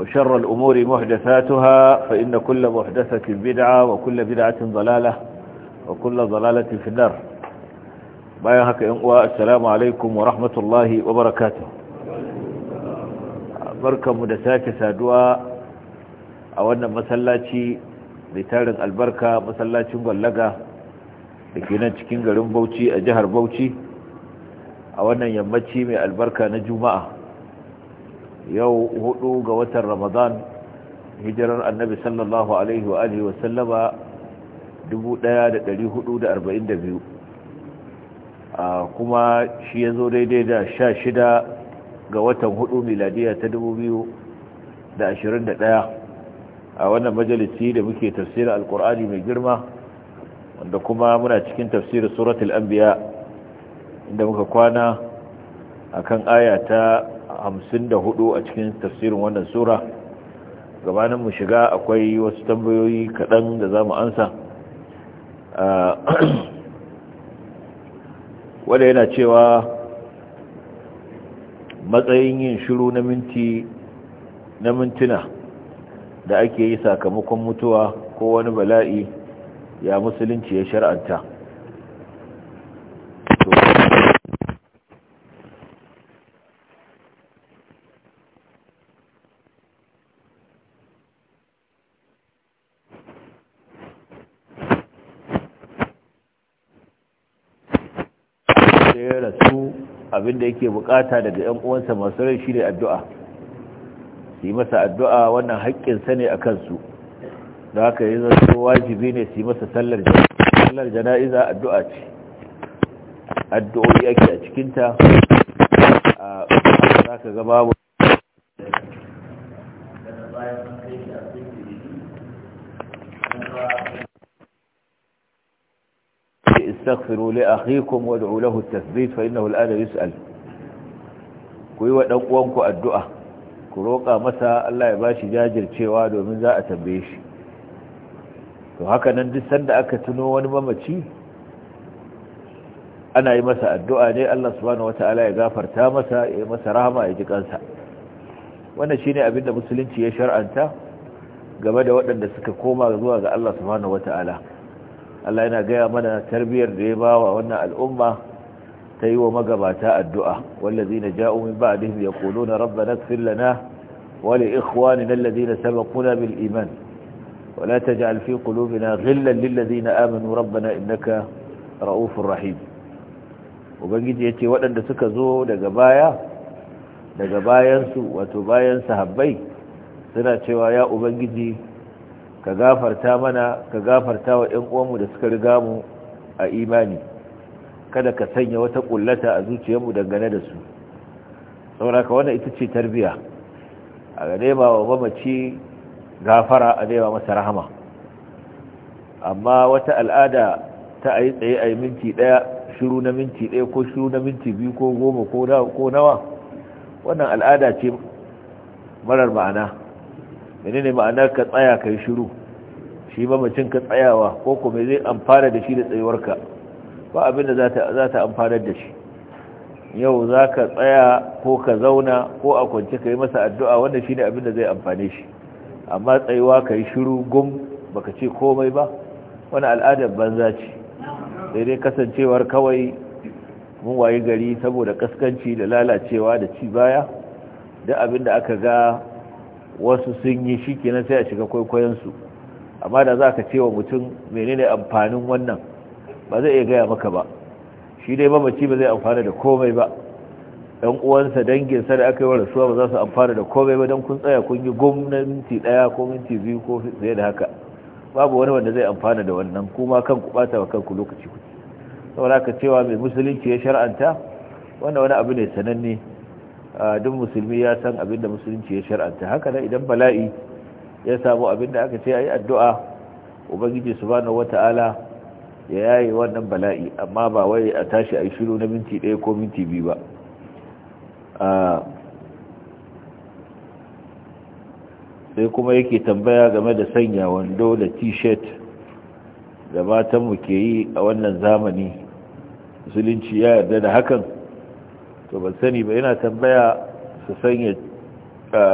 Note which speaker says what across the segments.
Speaker 1: وشر الأمور محدثاتها فإن كل محدثة بدعة وكل بدعة ضلالة وكل ضلالة في النار بايهك إنقوى السلام عليكم ورحمة الله وبركاته بركة مدساك سادوا أولنا مسلاتي لتارق البركة مسلاتي مغلقة لكينا تكين قلن بوتي أجهر بوتي أولنا يمتي من البركة نجوماء yau hudu ga watan ramadan hijirar annabi sallallahu alaihi wa alihi wa sallama 1442 kuma shi ya zo daidai da 16 ga watan hudu miladiya ta 2021 a wannan majalisi da muke tafsirin alkur'ani mai girma wanda kuma muna cikin tafsirin suratul anbiya inda muka kwana akan aya ta hamsin da hudu a cikin tafsirin wannan sura gabanin mu shiga akwai wasu tambayoyi kaɗan da za mu ansa ah, wadda yana cewa matsayin yin shiru na minti na mintuna da ake yi sakamakon mutuwa ko wani bala'i ya musulunci ya shar'anta Abin da yake bukata daga yan uwansa masu rai shine addu'a su yi masa addu'a wannan haƙƙin sa ne a kansu, da haka yi zanto wajibi ne su yi masa sallar sallar jana'iza addu'a ce addu'o'i ake a cikinta a za ka ga babu واستغفروا لأخيكم وادعوا له التثبيت فإنه الآن يسأل كويوة أقوانكو الدعاء كروقا مسا الله يباشي جاجر تشيواد ومن ذا duk sanda aka دعك تنوان ممتي ana yi masa addu'a ne Allah subhanahu wata'ala ya gafarta masa ya masa rahama ya ji kansa wannan shine abin da musulunci ya shar'anta game da waɗanda suka koma zuwa ga Allah subhanahu wata'ala Allah yana gaya mana tarbiyyar da ya ba wa wannan al'umma ta yi wa magabata addu'a wallazi na ja'u min ba'dihim na rabbana ighfir lana wa li ikhwanina alladhina sabaquna bil iman wa la taj'al fi qulubina ghillan na ladina amanu rabbana innaka ra'ufur rahim ubangiji yace waɗanda suka zo daga baya daga bayansu wato bayan sahabbai suna cewa ya ubangiji ka gafarta mana ka gafarta wa ‘yan uwanmu da suka riga mu a imani kada ka sanya wata ƙullata a zuciyarmu dangane da su sauraka wannan ita ce tarbiya a nema wa mamaci gafara a nema masa rahama amma wata al'ada ta a yi tsaye a yi minti ɗaya shiru na minti ɗaya ko shiru na minti biyu ko goma ko nawa wannan al'ada ce marar ma'ana menene ma'ana ka tsaya kai shiru shi mamacin ka tsayawa ko kuma zai amfana da shi da tsayuwarka ba abin za ta amfanar da shi yau za ka tsaya ko ka zauna ko a kwance ka yi masa addu'a wanda shi ne abin da zai amfane shi amma tsayuwa ka yi shiru gum baka ce komai ba wani al'adar banza ce sai dai kasancewar kawai mun wayi gari saboda kaskanci da lalacewa da ci baya da abin da aka ga wasu sun yi shi kenan sai a shiga kwaikwayonsu amma da za ka ce wa mutum menene amfanin wannan ba zai iya gaya maka ba shi dai mamaci ba zai amfana da komai ba ɗan uwansa danginsa da aka yi wa rasuwa ba za su amfana da komai ba don kun tsaya kun yi gwamnati ɗaya ko minti biyu ko fiye da haka babu wani wanda zai amfana da wannan kuma kan ku ɓata wa kanku lokaci kuke saboda aka cewa mai musulunci ya shar'anta wannan wani abu ne sananne duk musulmi ya san abinda musulunci ya shar'anta haka nan idan bala'i ya samu da aka ce ayi addu'a ubangiji subhanahu wata'ala ya yaye wannan bala'i amma ba wai a tashi ayi shiru na minti ɗaya ko minti biyu ba sai kuma yake tambaya game da sanya wando da t-shirt da matanmu ke yi a wannan zamani musulunci ya yarda da hakan to ban sani ba yana tambaya su sanya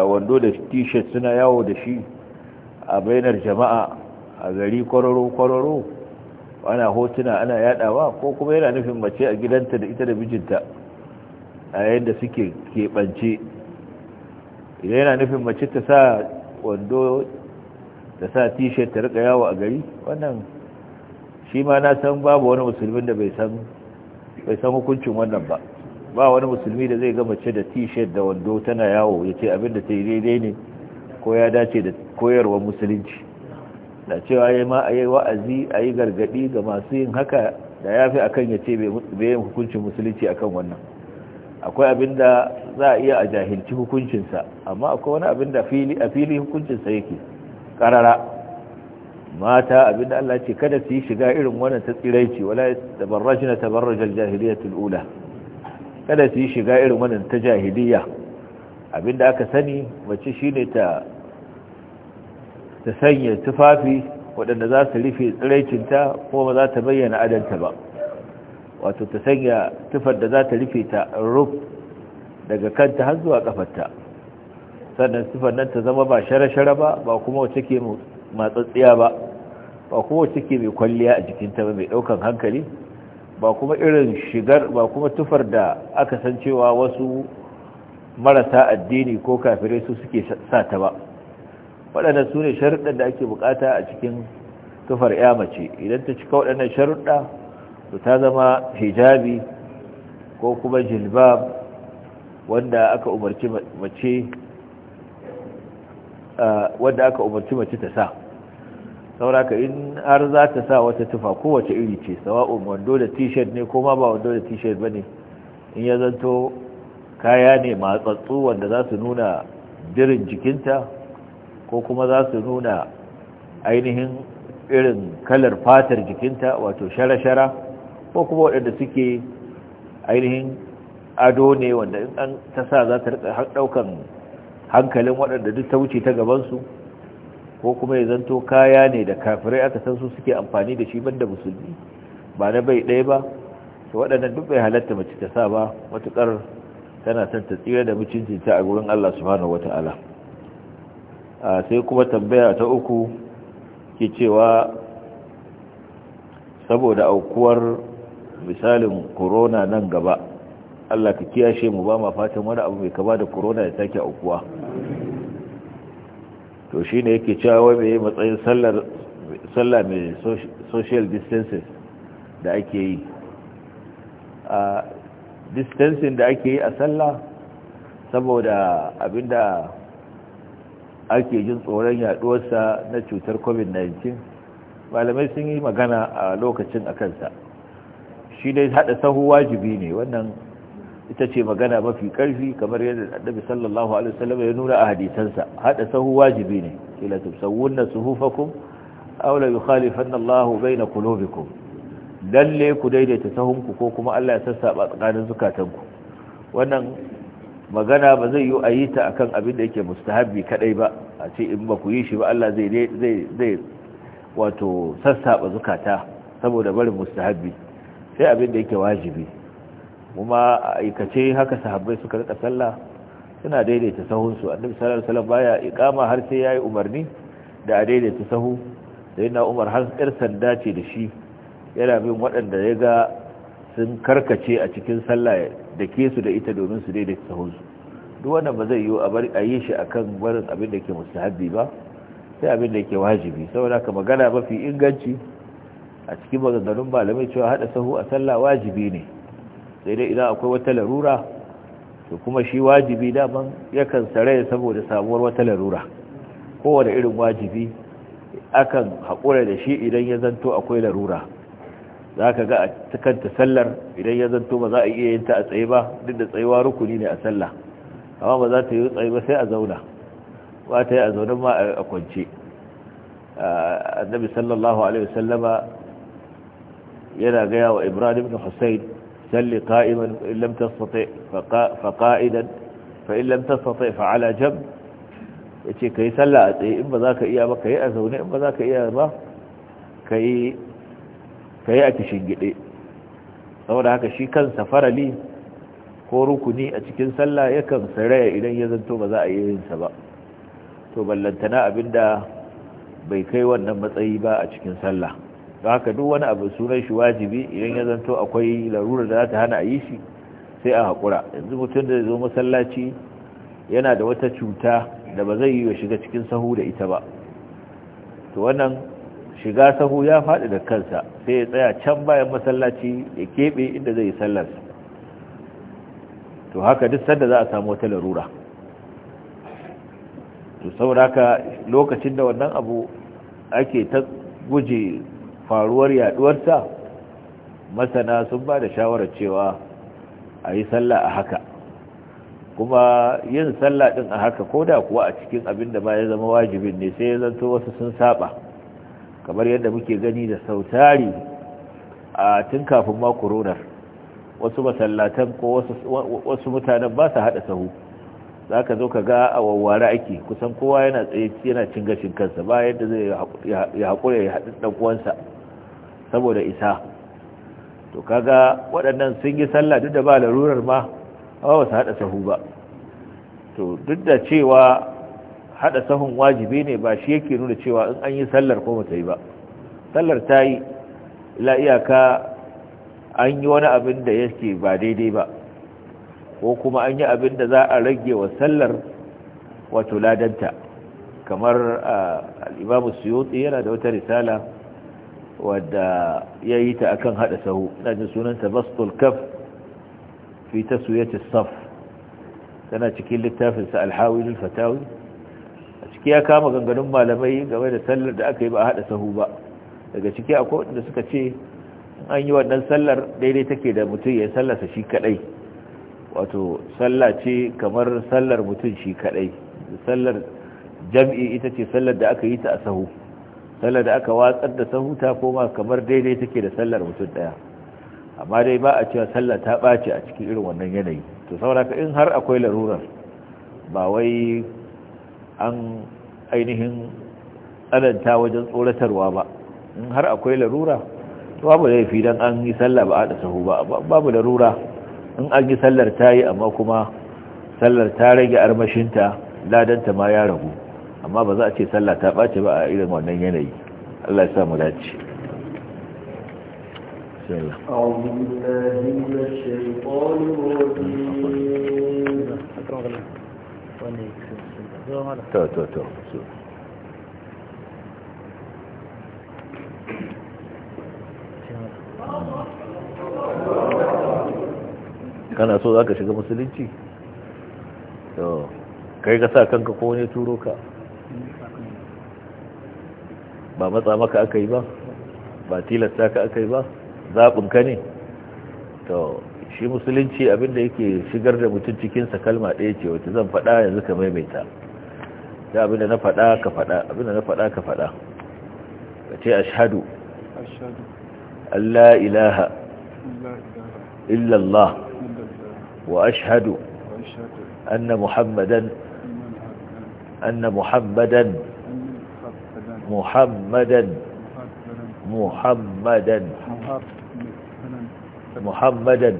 Speaker 1: wando da t-shirt suna yawo da shi a bainar jama'a a gari kwararo-kwararo ana hotuna ana yadawa ko kuma yana nufin mace a gidanta da ita da mijinta a yayin da suke keɓance idan yana nufin mace ta sa wando ta sa t-shirt ta rika yawo a gari wannan shi ma na san babu wani musulmin da bai san hukuncin wannan ba ba wani musulmi da zai ga mace da t-shirt da wando tana yawo ya ce abinda ta yi daidai ne ko ya dace da koyarwar musulunci da cewa ya ma a yi wa'azi a yi gargaɗi ga masu yin haka da ya fi akan ya ce bai yin hukuncin musulunci akan wannan akwai abin da za a iya a jahilci hukuncinsa amma akwai wani abin da a fili hukuncinsa yake karara mata abin da Allah ce kada su yi shiga irin wannan ta tsiraici wala tabarrajna tabarrajal jahiliyatul ula kada su yi shiga irin wannan ta jahiliya abinda aka sani mace shine ta ta sanya tufafi waɗanda za su rufe tsiraicinta ko ba za ta bayyana adanta ba wato ta sanya tufar da za ta rufe ta ruf daga kanta har zuwa kafarta sannan tufar nan ta zama ba shara shara ba ba kuma wacce ke matsatsiya ba ba kuma wacce ke mai kwalliya a jikinta ba mai ɗaukan hankali ba kuma irin shigar ba kuma tufar da aka san cewa wasu marasa addini ko kafirai su suke sa ta ba waɗannan su ne da ake bukata a cikin tufar ya mace idan ta cika waɗannan sharuɗa to ta zama hijabi ko kuma jilbab wanda aka umarci mace wanda aka umarci mace ta sa sauraka in har za ta sa wata tufa kowace iri ce sawa'un wando da t-shirt ne ko ba wando da t-shirt ba ne in ya zanto kaya ne matsatsu wanda za su nuna jirin jikinta ko kuma za su nuna ainihin irin kalar fatar jikinta wato shara-shara ko kuma waɗanda suke ainihin ado ne wanda in an ta sa za ta ɗaukan hankalin waɗanda duk ta wuce ta gabansu ko kuma ya zanto kaya ne da kafirai aka san su suke amfani da shi banda musulmi ba na bai ɗaya ba to waɗannan duk bai halatta mace ta sa ba matukar tana son ta tsira da mucincinta a gurin Allah subhanahu wa ta'ala sai kuma tambaya ta uku ke cewa saboda aukuwar misalin corona nan gaba Allah ka kiyashe mu ba ma fatan wani abu mai kama da corona ya take aukuwa to shi ne yake cewa mai matsayin sallah mai social distances da ake yi a distancing da ake yi a sallah saboda abinda ake jin tsoron yaduwarsa na cutar covid-19 malamai sun yi magana a lokacin a kansa shi ne hada sahu wajibi ne wannan ita ce magana mafi karfi kamar yadda annabi sallallahu alaihi wasallam ya nuna a hadisansa hada sahu wajibi ne kila tusawwunna suhufakum aw la yukhalifanna Allahu baina qulubikum lalle ku daidaita sahunku ko kuma Allah ya sassaba tsakanin zukatanku wannan magana ba zai yi a yi ta akan abin da yake mustahabi kadai ba a ce in ba ku yi shi ba Allah zai zai zai wato sassaba zukata saboda barin mustahabi sai abin da yake wajibi kuma a aikace haka sahabbai suka rika sallah suna daidaita sahunsu annabi sallallahu alaihi wasallam baya iqama har sai yayi umarni da a daidaita sahu sai na umar har sai sanda ce da shi yana bin waɗanda ya ga sun karkace a cikin sallah da ke su da ita domin su daidaita sahunsu duk wannan ba zai yiwu a yi shi akan barin abin da ke mustahabi ba sai abin da ke wajibi saboda ka magana mafi inganci a cikin maganganun malamai cewa haɗa sahu a sallah wajibi ne sai dai idan akwai wata larura to kuma shi wajibi daban yakan saraya saboda samuwar wata larura kowane irin wajibi akan haƙura da shi idan ya zanto akwai larura za ka ga a cikanta sallar idan ya zanto ba za a iya yin ta a tsaye ba duk da tsayuwa rukuni ne a sallah amma ba za ta yi tsaye ba sai a zauna ba ta yi a zaune ma a kwance annabi sallallahu alaihi wasallama yana gaya wa ibrahim bin husayn salli qa'iman in lam fa qa'idan fa in lam fa ala yace kayi sallah a tsaye in ba za ka iya ba kai a zaune in ba za ka iya ba kai kai a kishin gide saboda haka shi kansa farali ko rukuni a cikin sallah yakan saraya idan ya zanto ba za a yi yin ba to abin da bai kai wannan matsayi ba a cikin sallah haka duk wani abu sunan shi wajibi idan ya zanto akwai larura da za ta hana a yi shi sai a haƙura yanzu mutum da zo masallaci yana da wata cuta da ba zai yi wa shiga cikin sahu da ita ba to wannan shiga sahu ya faɗi da kansa sai ya tsaya can bayan masallaci ya keɓe inda zai yi sallar to haka duk sanda za a samu wata larura to saboda haka lokacin da wannan abu ake ta guje faruwar yaduwarta masana sun ba da shawarar cewa a yi sallah a haka kuma yin sallah din a haka ko da kuwa a cikin abin da ba ya zama wajibi ne sai ya zanto wasu sun saba kamar yadda muke gani da sautari a tun kafin ma koronar wasu masallatan ko wasu mutanen ba su haɗa sahu za ka zo ka ga a warware ake kusan kowa yana tsaye yana cin gashin kansa ba yadda zai ya haƙura ya haɗin ɗan'uwansa saboda isa to kaga waɗannan sun yi sallah duk da ba larurar ma ba wasu haɗa sahu ba to duk da cewa haɗa sahun wajibi ne ba shi yake nuna cewa in an yi sallar ko mata yi ba sallar ta yi la iyaka an yi wani abin da yake ba daidai ba ko kuma an yi abin da za a rage wa sallar wato ladanta kamar ah, al'imamu suyoti yana da wata risala wadda ya yi ta akan haɗa sahu na jin sunanta bastul kaf fi saf tana cikin littafinsa alhawilul fatawi a ciki ya kama ganganun malamai game da sallar da aka yi ba a haɗa sahu ba daga ciki akwai wanda suka ce an yi wannan sallar daidai take da mutum ya sallarsa shi kadai wato sallah ce kamar sallar mutum shi kadai sallar jam'i ita ce sallar da aka yi ta a sahu sallar da aka watsar da sahu ta koma kamar daidai take da sallar mutum daya amma dai ba a cewa sallar ta ɓace a cikin irin wannan yanayi to sauraka in har akwai larurar ba wai an ainihin tsananta wajen tsoratarwa ba in har akwai larura to babu laifi don an yi sallah ba a da sahu ba babu larura in an yi sallar ta yi amma kuma sallar ta rage armashinta ladanta ma ya ragu amma ba za a ce sallah ta ɓace ba a irin wannan yanayi Allah ya sa mu dace kana so za ka shiga musulunci? kai ka sa kanka ko ne turo ka ba matsa maka aka yi ba ba tilasta ka aka yi ba Zaɓin ka ne to shi musulunci abinda yake shigar da mutum cikinsa kalma ɗaya ce wata, zan faɗa yanzu ka maimaita da abinda na faɗa ka faɗa abinda na faɗa ka faɗa ka ce ashadu Allah ilaha illallah wa ashadu anna muhammadan anna muhammadan محمدا محمدا محمدا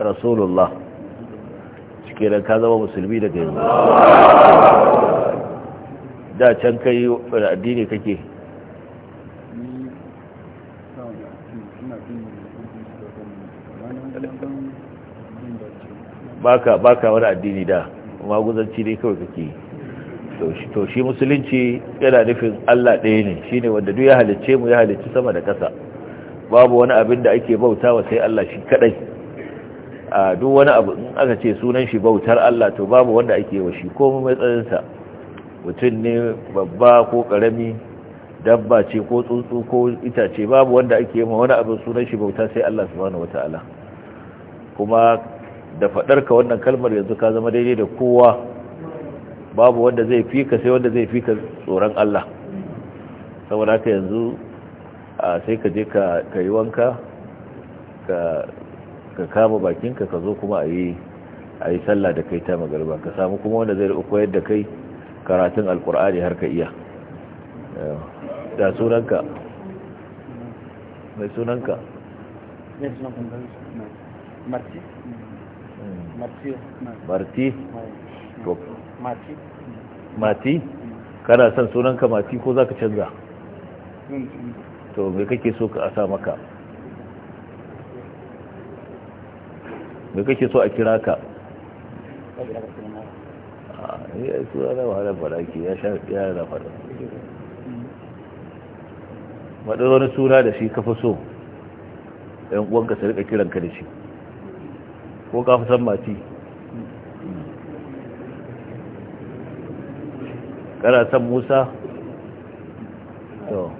Speaker 1: رسول الله shikenan ka zama musulmi daga yanzu da can kai wani addini kake baka wani addini da maguzanci ne kawai kake yi to shi musulunci yana nufin Allah ɗaya ne shi ne wanda duk ya halicce mu ya halicci sama da ƙasa babu wani abin da ake bauta wa sai Allah shi kaɗai a duk wani abu in aka ce sunan shi bautar Allah to babu wanda ake wa shi ko mai tsayinsa mutum ne babba ko ƙarami dabba ce ko tsuntsu ko itace babu wanda ake ma wani abin sunan shi bauta sai Allah subhanahu wataala kuma da faɗarka wannan kalmar yanzu ka zama daidai da kowa babu wanda zai fi ka sai wanda zai fi ka tsoron Allah saboda haka yanzu sai ka je ka yi wanka ka kama bakinka ka zo kuma a a yi sallah da kai ta magarba ka samu kuma wanda zai koyar da kai karatun alkur'ani har ka iya da sunanka mai sunanka
Speaker 2: marti hmm. marti to mati
Speaker 1: mati kana son ka mati ko zaka canza to me kake so ka asa maka me kake so a kira ka ya ah, eh, suna na wahalar baraki ya sha ya na fara maɗin wani suna da shi kafa so ɗan uwanka su rika kiranka da shi ko kafa san mati kana san musa to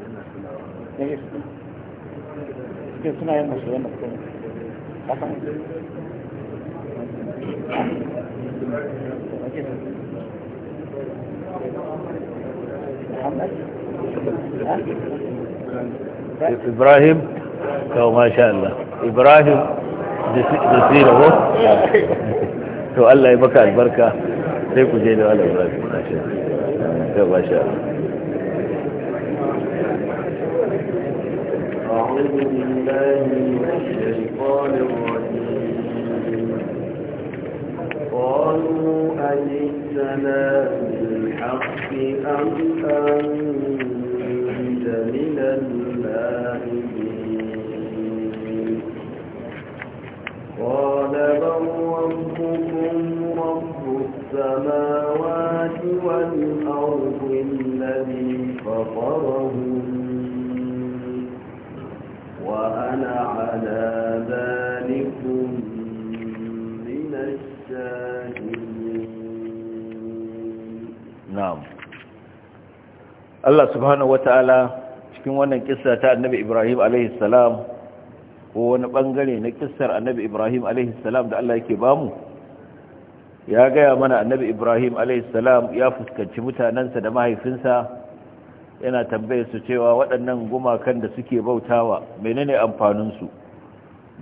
Speaker 1: ابراهيم تو ما شاء الله ابراهيم دسيره هو تو الله يبقى البركه ليكو جيد على ابراهيم ما شاء الله الرجاء
Speaker 2: أعوذ بالله من الشيطان الرجيم قالوا بالحق أم أنت من قال بل ربكم رب السماوات والأرض الذي فطرهن
Speaker 1: وأنا على ذلك
Speaker 2: من الشاهدين
Speaker 1: نعم الله سبحانه وتعالى cikin wannan kissa ta annabi Ibrahim alaihi salam ko wani bangare na kissar annabi Ibrahim alaihi salam da Allah yake bamu ya gaya mana annabi ibrahim alaihissalam ya fuskanci mutanensa da mahaifinsa yana tambaye su cewa waɗannan gumakan da suke bautawa menene amfaninsu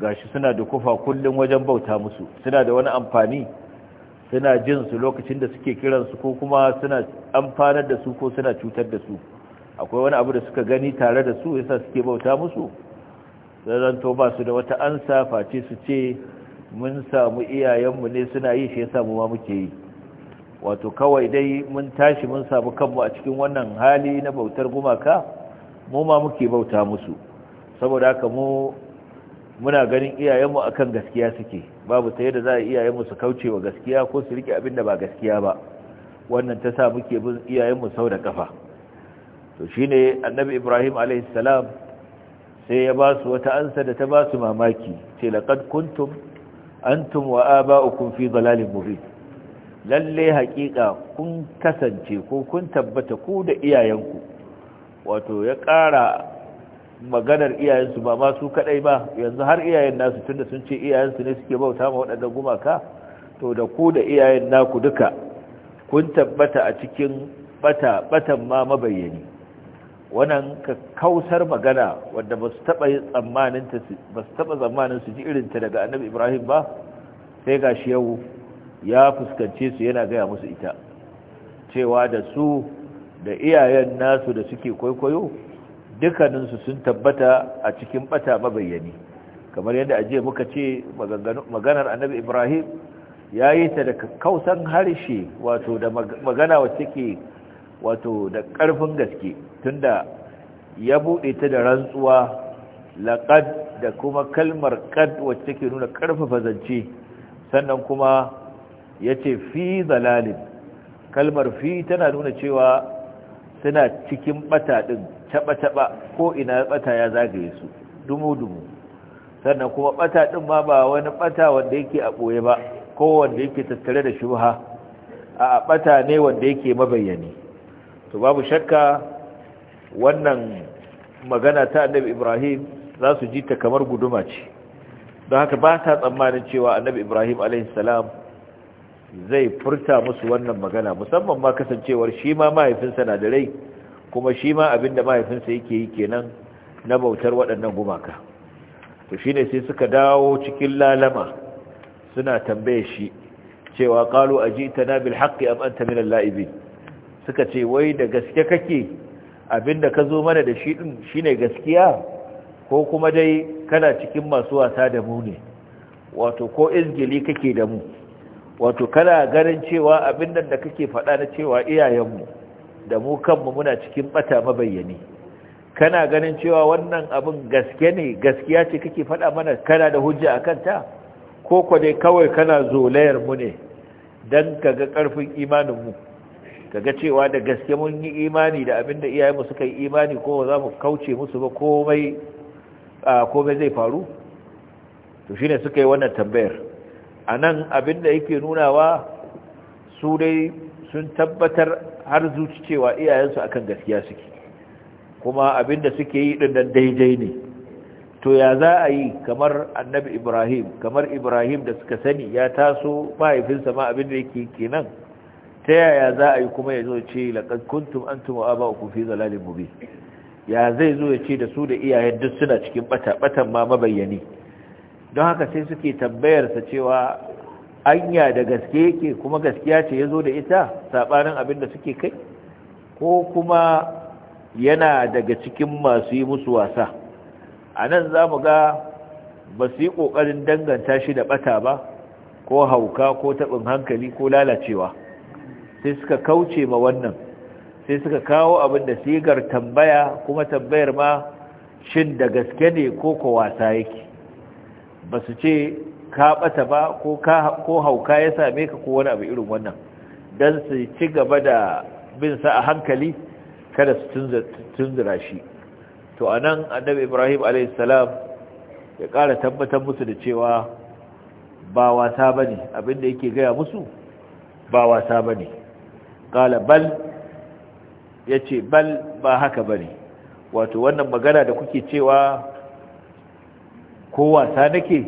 Speaker 1: gashi suna da kufa kullum wajen bauta musu suna da wani amfani suna jin su lokacin da suke kiransu ko kuma suna amfanar da su ko suna cutar da su akwai wani abu da suka gani tare da su yasa suke bauta musu to ba su da wata ansa face su ce mun samu iyayenmu ne suna yi shi ya samu ma muke yi wato kawai dai mun tashi mun samu kanmu a cikin wannan hali na bautar gumaka mu ma muke bauta musu saboda haka mu muna ganin iyayenmu akan gaskiya suke babu ta yadda za a iyayenmu su kauce wa gaskiya ko su rike abin da ba gaskiya ba wannan ta sa muke bin iyayenmu sau da kafa to shine annabi ibrahim alaihi salam sai ya ba su wata ansa da ta ba su mamaki ce laqad kuntum antum wa aba'ukum fi dalalin mubin lalle haƙiƙa kun kasance ko kun tabbata ku da iyayenku wato ya ƙara maganar iyayensu ba ma su kadai ba yanzu har iyayen nasu tunda sun ce iyayensu ne suke bauta ma wadannan gumaka to da ku da iyayen naku duka kun tabbata a cikin bata batan ma mabayyani wannan ka kausar magana wanda ba su taɓa tsammanin tsammanin su ji irin ta daga annabi ibrahim ba sai gashi yau ya fuskance su yana gaya musu ita cewa da su da iyayen nasu da suke kwaikwayo dukkaninsu sun tabbata a cikin bata mabayyani kamar yadda aje muka ce maganar annabi ibrahim yayi ta da kausan harshe wato da magana wacce ke wato da ƙarfin gaske tunda ya buɗe ta da rantsuwa laƙad da kuma kalmar ƙad wacce take nuna ƙarfafa zance sannan kuma ya ce fi zalalin kalmar fi tana nuna cewa suna cikin ɓata ɗin taɓa-taɓa ko ina ɓata ya zagaye su dumu-dumu sannan kuma ɓata ɗin ma ba wani ɓata wanda yake a ɓoye ba ko wanda yake tattare da shuha a ɓata ne wanda yake mabayyani to babu shakka wannan magana ta annabi ibrahim za su ji ta kamar guduma ce don haka ba ta tsammanin cewa annabi ibrahim alaihissalam zai furta musu wannan magana musamman ma kasancewar shi ma mahaifinsa na da rai kuma shi ma abinda mahaifinsa yake yi kenan na bautar waɗannan gumaka to ne sai suka dawo cikin lalama suna tambaye shi cewa qalu ajitana bil haƙƙi am anta min laibin suka ce wai da gaske kake abinda ka zo mana da shi din shine gaskiya ko kuma dai kana cikin masu wasa da mu ne wato ko izgili kake da mu wato kana ganin cewa abin da da kake faɗa na cewa iyayenmu da mu kanmu muna cikin bata mabayyani kana ganin cewa wannan abin gaske ne gaskiya ce kake faɗa mana kana da hujja a ta? ko kwa dai kawai kana zolayar mu ne dan ka ga imanin mu? kaga cewa da gaske mun yi imani da abin abinda iyayenmu suka yi imani ko za mu kauce musu ba komai komai zai faru to shine suka yi wannan tambayar anan abinda yake nunawa su dai sun tabbatar har zuci cewa iyayensu akan gaskiya suke kuma abin da suke yi dinnan daidai ne to ya za a yi kamar annabi ibrahim kamar ibrahim da suka sani ya taso mahaifinsa ma abin abinda yake kenan ta yaya za a yi kuma ya zo ce laƙad kuntum an tumo ba uku fi zalalin ya zai zo ya ce da su da iyayen duk suna cikin ɓata batan ma mabayyani don haka sai suke tambayarsa cewa anya da gaske yake kuma gaskiya ce ya zo da ita saɓanin abin da suke kai ko kuma yana daga cikin masu yi musu wasa a nan za mu ga ba su yi ƙoƙarin danganta shi da ɓata ba ko hauka ko taɓin hankali ko lalacewa sai suka kauce ma wannan sai suka kawo abin da sigar tambaya kuma tambayar ma shin da gaske ne ko ko wasa yake ba su ce ka bata ba ko hauka ya same ka ko wani abu irin wannan don su ci gaba da bin sa a hankali kada su tunzura shi to a nan annabi ibrahim salam ya kara tabbatar musu da cewa ba wasa ba ne abinda yake gaya musu ba wasa ba ne qala bal yace bal ba haka bane wato wannan magana da kuke cewa ko wasa nake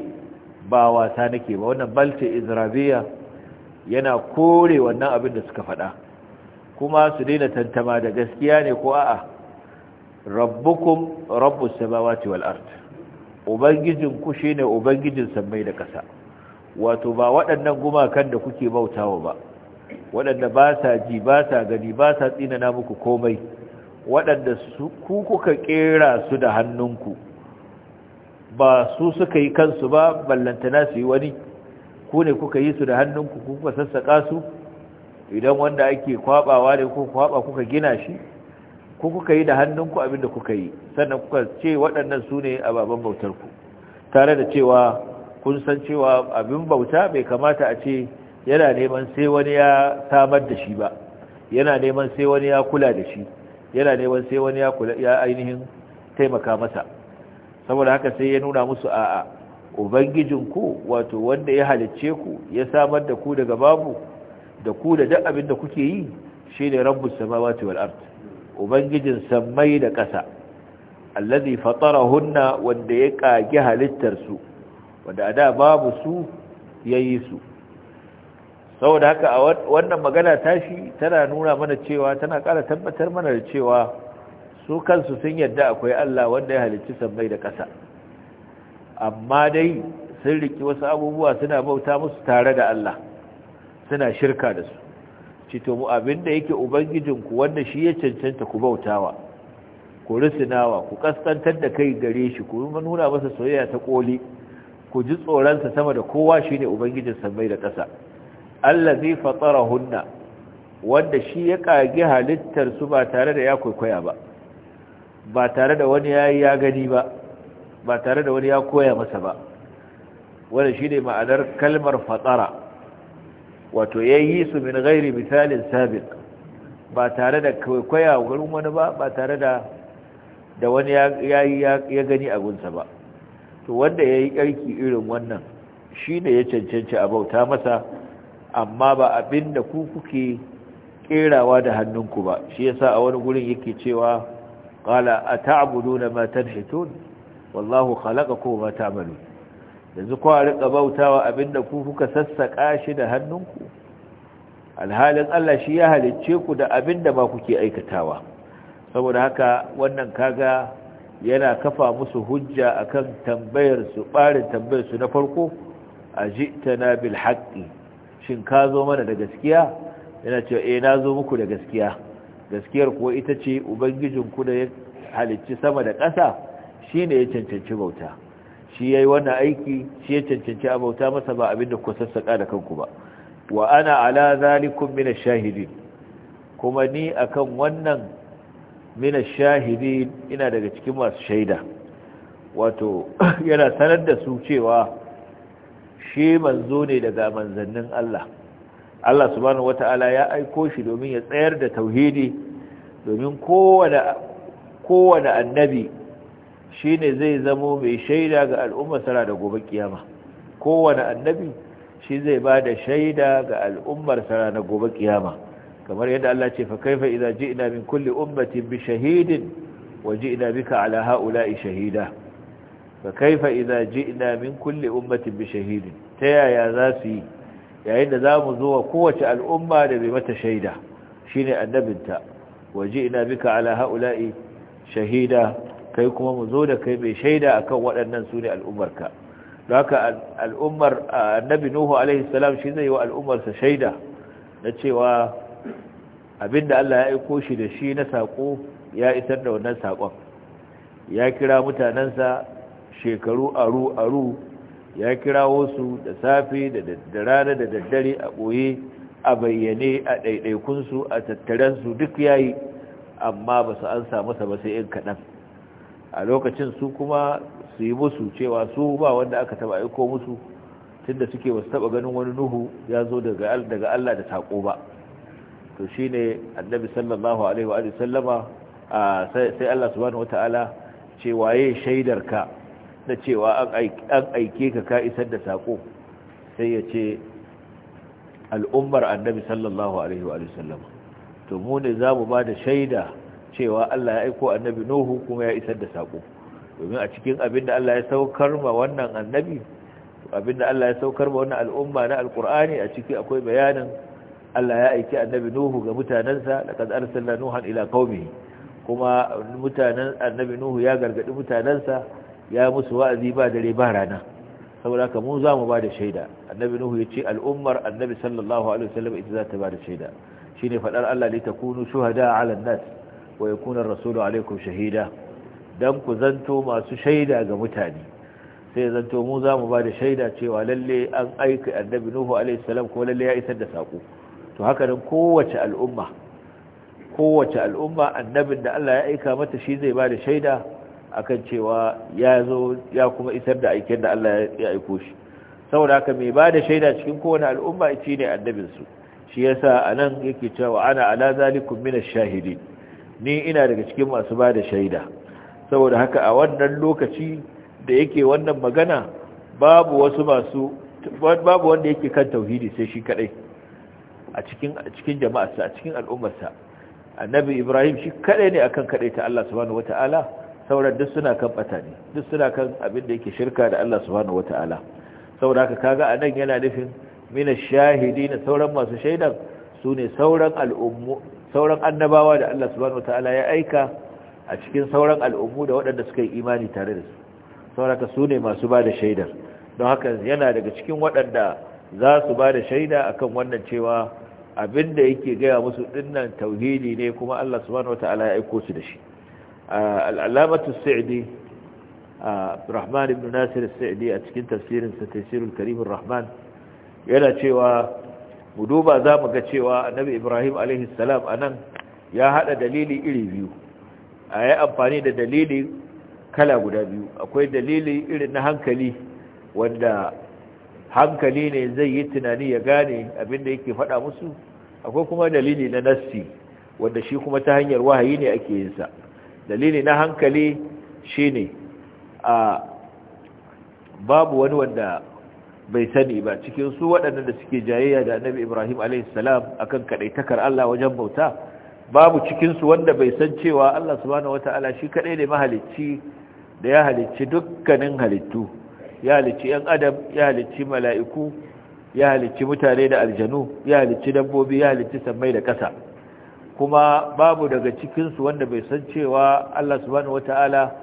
Speaker 1: ba wasa nake ba wannan bal ce izrabiya yana kore wannan abin da suka faɗa kuma su daina tantama da gaskiya ne ko a'a rabbukum rabbus samawati wal ard ubangijin ku shine ubangijin sammai da ƙasa wato ba waɗannan gumakan da kuke bautawa ba waɗanda ba sa ji ba sa gani ba sa tsinana muku komai waɗanda ku kuka ƙera su da hannunku ba su suka yi kansu ba ballantana su yi wani ku ne kuka yi su da hannunku kuka sassaƙa su idan wanda ake kwabawa ne kuka kwaba kuka gina shi ku kuka yi da hannunku abinda kuka yi sannan kuka ce waɗannan su ne a baban bautarku tare da cewa kun san cewa abin bauta bai kamata a ce yana neman sai wani ya samar da shi ba yana neman sai wani ya kula da shi yana neman sai wani ya kula ya ainihin taimaka masa saboda haka sai ya nuna musu a'a ku wato wanda ya halicce ku ya samar da ku daga babu da ku da duk abin da kuke yi shine rabbus samawati wal ard ubangijin sammai da ƙasa allazi fatarahunna wanda ya kage halittar su wanda ada babu su yayi su saboda haka a wannan magana tashi tana nuna mana cewa tana ƙara tabbatar mana da cewa su kansu sun yadda akwai Allah wanda ya halicci sammai da ƙasa amma dai sun riki wasu abubuwa suna bauta musu tare da Allah suna shirka da su cito mu abinda yake ubangijinku wanda shi ya cancanta ku bautawa ku risinawa ku kaskantar da kai gare shi ku nuna masa soyayya ta koli ku ji tsoronsa sama da kowa shine ubangijin sammai da ƙasa allazi fatarahunna wanda shi ya kage halittar su ba tare da ya kwaikwaya ba ba tare da wani yayi ya gani ba ba tare da wani ya koya masa ba wanda shi ne ma'anar kalmar fatara wato ya yi su min gairi misalin sabiq ba tare da kwaikwaya wurin wani ba ba tare da da wani ya gani gunsa ba to wanda ya yi irin wannan shi ne ya cancanci a bauta masa amma ba abin da ku kuke kerawa da hannunku ba shi yasa a wani gurin yake cewa qala ata'buduna ma tanhitun wallahu khalaqakum wa ta'malun yanzu ku rika bautawa abinda ku kuka sassaka shi da hannunku alhalin Allah shi ya halicce ku da abinda ba kuke aikatawa saboda haka wannan kaga yana kafa musu hujja akan tambayar su barin tambayar su na farko ajitana bil haqqi shin ka zo mana da gaskiya yana cewa eh na zo muku da gaskiya gaskiyar kuwa ita ce Ubangijin ku da ya halicci sama da ƙasa shi ne ya cancanci bauta shi ya yi wannan aiki shi ya cancanci a bauta masa ba abinda ku sassaƙa da kanku ba wa ana ala zalikun mina shahidin kuma ni akan wannan mina shahidin ina daga cikin masu shaida wato yana sanar da su cewa shi manzo ne daga manzannin Allah Allah subhanahu wata'ala ya aiko shi domin ya tsayar da tauhidi domin kowane annabi shi ne zai zamo mai shaida ga al'ummar sara da gobe kiyama kowane annabi shi zai ba da shaida ga al'ummar sara na gobe kiyama kamar yadda Allah ce fa kaifa idza ji'na min kulli ummatin bi shahidin wa ji'na bika ala ha'ula'i shahida fa kaifa idza ji'na min kulli ummatin bi shahidin ta yaya za su yi yayin da zamu zo wa kowace al'umma da bai mata shaida shine annabinta waji'na bika ala haula'i shahida kai kuma mu zo da kai mai shaida akan waɗannan ne al'ummarka haka al'ummar annabi nuhu alaihi salam shi zai wa al'ummarsa shaida na cewa abinda Allah ya aiko shi da shi na sako ya isar da wannan sakon ya kira mutanansa shekaru aru aru ya kirawo su da safe da daddare da daddare a ɓoye a bayyane a ɗaiɗaikunsu a tattarensu duk yayi amma ba su an samu sa ba sai in kaɗan a lokacin su kuma su yi musu cewa su ba wanda aka taba aiko musu tunda suke wasu taba ganin wani nuhu ya zo daga Allah da sako ba to shi ne annabi sallallahu alaihi wa sallama sai Allah subhanahu wata'ala ce waye shaidarka na cewa an aike ka ka isar da saƙo sai ya ce al'ummar annabi sallallahu alaihi wa to mu ne za mu ba da shaida cewa Allah ya aiko annabi Nuhu kuma ya isar da saƙo domin a cikin abin da Allah ya saukar ma wannan annabi abin da Allah ya saukar ma wannan al'umma na alƙur'ani a ciki akwai bayanin Allah ya aiki annabi Nuhu ga mutanensa ƙasar sallar nuhan ila qaumihi kuma mutanen annabi Nuhu ya gargadi mutanensa ya musu wa'azi ba dare ba rana saboda haka mu za mu ba da shaida annabi nuhu ya ce al'ummar annabi sallallahu alaihi wasallam ita za ta ba da shaida shine faɗar Allah ta Kunu, shuhada ala nas wa yakuna rasulu alaikum shahida dan ku zanto masu shaida ga mutane sai zanto mu za mu ba da shaida cewa lalle an aika annabi nuhu alaihi salam ko lalle ya isar da sako to haka nan kowace al'umma kowace al'umma annabin da Allah ya aika mata shi zai ba da shaida akan cewa ya zo ya kuma isar da aikin da Allah ya aiko shi saboda haka mai ba da shaida cikin kowane al'umma ita ne su shi yasa anan yake cewa ana ala min mina shahidi ni ina daga cikin masu ba da shaida saboda haka a wannan lokaci da yake wannan magana babu wasu masu babu wanda yake kan tauhidi sai shi kadai a cikin a cikin jama'arsa a cikin al'ummarsa annabi ibrahim shi kadai ne akan kadai ta Allah subhanahu wataala sauran duk suna kan batani duk suna kan abin da yake shirka da Allah subhanahu wataala saboda ka kaga anan yana nufin mina shahidi na sauran masu shaidan su sauran sauran annabawa da Allah subhanahu wataala ya aika a cikin sauran al'ummu da waɗanda suka yi imani tare da su saboda su ne masu ba da shaidar don haka yana daga cikin waɗanda za su ba da shaida akan wannan cewa abin da yake gaya musu ɗinnan tauhidi ne kuma Allah subhanahu wataala ya aiko su da shi al'alamatu sa'idi rahman ibn nasir sa'idi a cikin tafsirin sa tafsirul karim rahman yana cewa mu duba za mu ga cewa annabi ibrahim alaihi salam anan ya hada dalili iri biyu a yi amfani da dalili kala guda biyu akwai dalili irin na hankali wanda hankali ne zai yi tunanin ya gane abinda yake faɗa musu akwai kuma dalili na nassi wanda shi kuma ta hanyar wahayi ne ake yinsa dalili na hankali shine a babu wani wanda bai sani ba cikin su waɗannan da suke jayayya da annabi ibrahim alaihissalam akan kaɗaitakar allah wajen bauta babu cikinsu wanda bai san cewa allah subhanahu ala. shi kaɗai ne mahalicci da ya halicci dukkanin halittu ya halicci yan adam ya halicci mala'iku ya halicci mutane da aljanu ya halicci dabbobi ya halicci sammai da ƙasa kuma babu daga cikinsu wanda bai san cewa Allah subhanahu wata'ala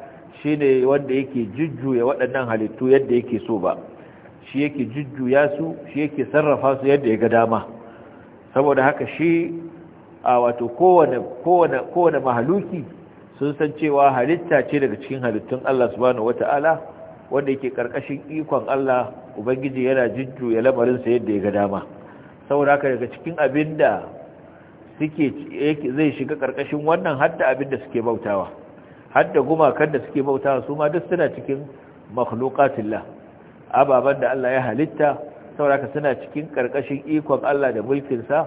Speaker 1: shine wanda yake jujjuya waɗannan halittu yadda yake so ba shi yake jujjuya su shi yake sarrafa su yadda ya ga dama saboda haka shi a wato kowane kowane kowane mahaluki sun san cewa halitta ce daga cikin halittun Allah subhanahu wata'ala wanda yake karkashin ikon Allah ubangiji yana jujjuya lamarin sa yadda ya ga dama saboda haka daga cikin abinda suke zai shiga karkashin wannan hadda abin da suke bautawa hadda gumakan da suke bautawa su ma duk suna cikin makhluqatillah ababan da Allah ya halitta sauraka suna cikin karkashin ikon Allah da mulkin sa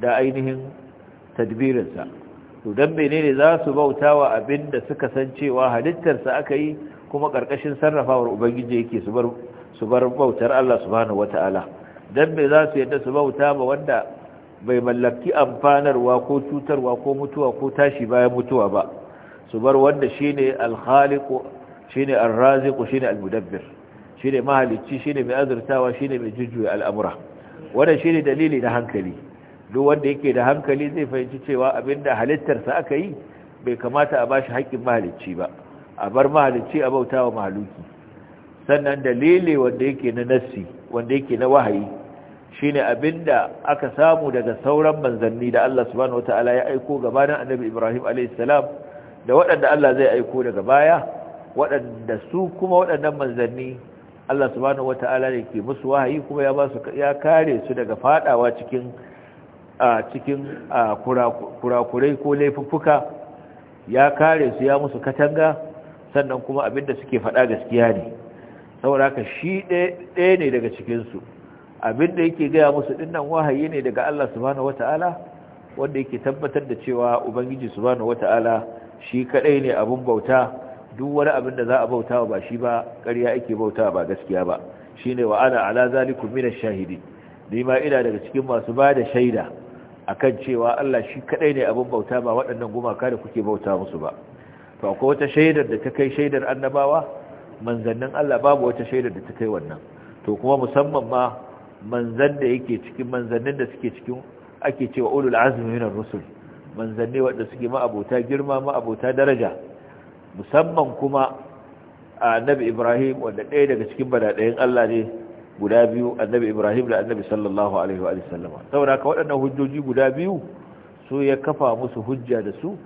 Speaker 1: da ainihin tadbirin sa to dan menene za su bautawa abin da suka san cewa halittar sa aka yi kuma karkashin sarrafawar ubangiji yake su bar su bar bautar Allah subhanahu wataala dan me za su yadda su bauta ba wanda bai mallaki amfanarwa ko cutarwa ko mutuwa ko tashi bayan mutuwa ba su bar wanda shine al-khaliqu shine ar shine almudabbir. shine mahalicci shine mai azurtawa shine mai jujjuya al'amura wannan shine dalili na hankali duk wanda yake da hankali zai fahimci cewa abinda halittarsa aka yi bai kamata a bashi haƙƙin mahalicci ba a bar mahalicci a bautawa mahaluki sannan dalili wanda yake na nassi wanda yake na wahayi shine abinda aka samu daga sauran manzanni da Allah subhanahu wataala ya aiko gabanin annabi Ibrahim alayhi da waɗanda Allah zai aiko daga baya waɗanda su kuma waɗannan manzanni Allah subhanahu wataala ne ke musu wahayi kuma ya ba su ya kare su daga fadawa cikin a cikin kurakurai ko laifuffuka ya kare su ya musu katanga sannan kuma abin da suke faɗa gaskiya ne saboda haka shi ɗaya ne daga cikinsu Abin da yake gaya musu dinnan wahayi ne daga Allah subhanahu wata'ala wanda yake tabbatar da cewa ubangiji subhanahu wata'ala shi kadai ne abun bauta duk wani abin da za a bauta ba shi ba ƙarya ake bauta ba gaskiya ba shine wa ana ala zalikum ash shahidi nima ila daga cikin masu ba da shaida akan cewa Allah shi kadai ne abun bauta ba waɗannan gumaka da kuke bauta musu ba to akwai wata shaidar da ta kai shaidar annabawa manzannin Allah babu wata shaidar da ta kai wannan to kuma musamman ma manzan da yake cikin manzannin da suke cikin ake cewa ulul azmi minar rusul manzanni wanda suke ma'abota girma ma'abota daraja musamman kuma annabi Ibrahim wanda ɗaya daga cikin badadayen Allah ne guda biyu annabi Ibrahim da annabi sallallahu alaihi wa sallama saboda ka waɗannan hujjoji guda biyu su ya kafa musu hujja da su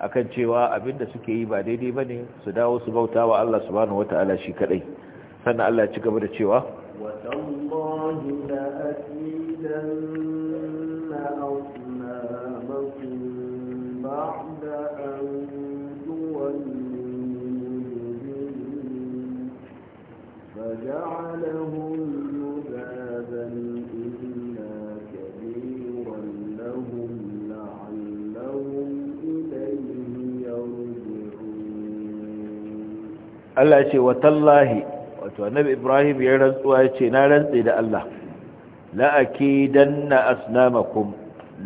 Speaker 1: akan cewa abinda suke yi ba daidai bane su dawo su bautawa Allah subhanahu wataala shi kadai sannan Allah ya ci gaba da cewa Allah ce, "Watan lahi, wato, Nabi Ibrahim ya rantsuwa ya ce, "Na rantsi da Allah." na asnamakum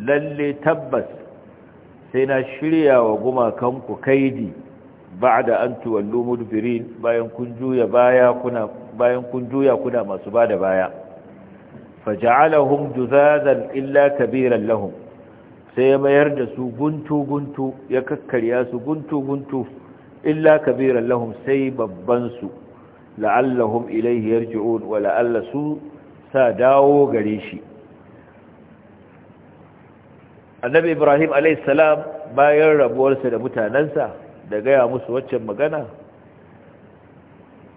Speaker 1: lalle tabbas sai na shirya wa gumakanku kaidi da an tuwallu mudbirin bayan kun juya kuna bayan kun juya kuna masu bada baya faj'alahum juzazan illa kabiran lahum sai mayar da su guntu guntu ya kakkarya su guntu guntu illa kabiran lahum sai babban su la'allahum ilayhi yarji'un wa la'alla su sa dawo gare shi annabi ibrahim alaihissalam bayan rabuwarsa da mutanensa da gaya musu waccan magana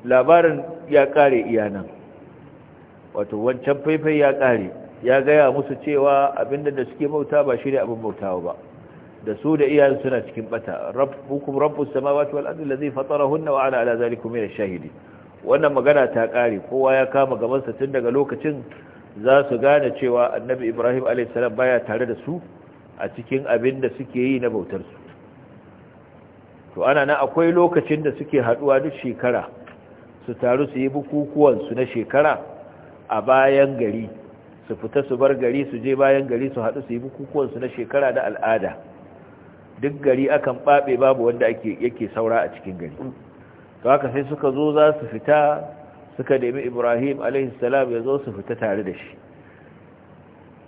Speaker 1: labarin ya kare iyanan wato wancan faifai ya kare ya gaya musu cewa abinda da suke bauta ba shi ne abin bautawa ba da su da iyayen suna cikin bata rabbukum rabbus samawati wal ardi allazi fatarahunna wa ala ala zalikum min ash-shahidin wannan magana ta ƙare kowa ya kama gabansa tun daga lokacin za su gane cewa annabi ibrahim a.s baya tare da su a cikin abin da suke yi na bautarsu to ana nan akwai lokacin da suke haɗuwa duk shekara su taru su yi bukukuwansu na shekara a bayan gari su fita su bar gari su je bayan gari su haɗu su yi bukukuwansu na shekara da al'ada duk gari akan ɓaɓe babu wanda yake saura a cikin gari to sai suka zo za su fita suka nemi ibrahim alaihissalam ya zo su fita tare da shi